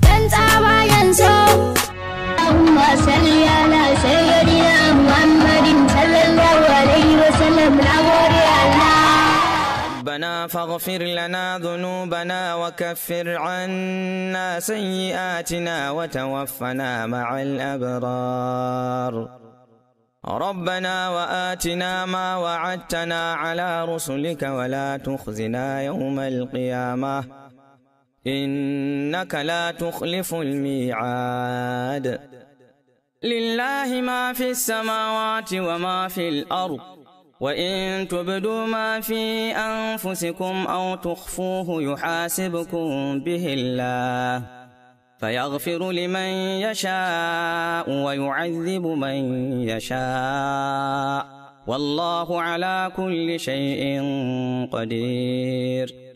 pensaba y en so ربنا فاغفر لنا ذنوبنا وكفر عنا سيئاتنا وتوفنا مع الأبرار ربنا وآتنا ما وعدتنا على رسلك ولا تخزنا يوم القيامة إنك لا تخلف الميعاد لله ما في السماوات وما في الأرض وإن تبدوا ما في أنفسكم أو تخفوه يحاسبكم به الله فيغفر لمن يشاء ويعذب من يشاء والله على كل شيء قدير